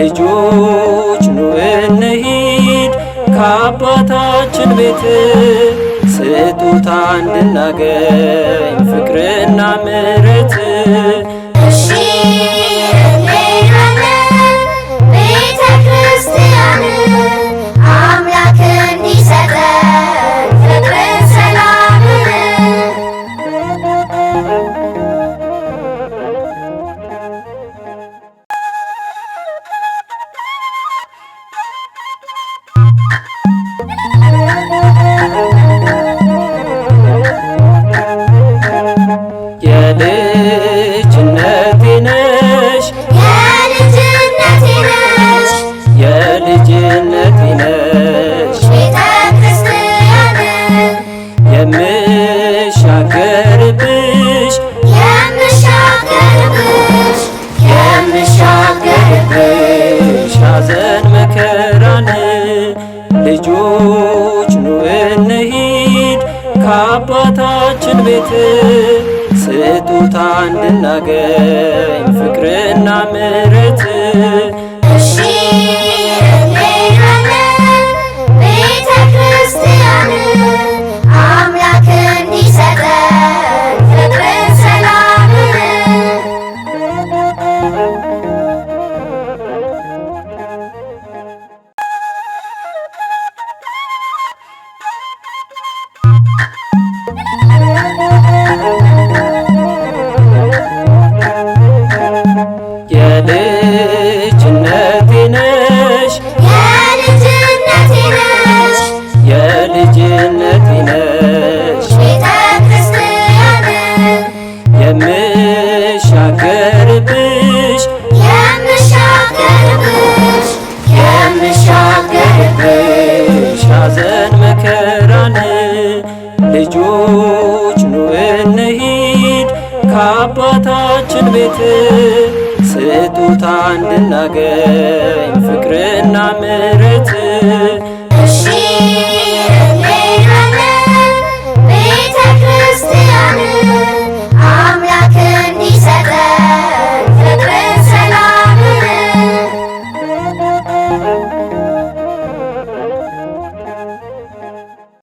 ልጆች ኑ እንሂድ ከአባታችን ቤት ስጦታ እንድናገኝ ፍቅርና ምሕረት ልጆች ኑ እንሂድ ከአባታችን ቤት ስጦታ እንድናገኝ ፍቅርና ምሕረት መከራን ልጆች ኑ እንሂድ ከአባታችን ቤት ስጦታ እንድናገኝ ፍቅርና ምሕረት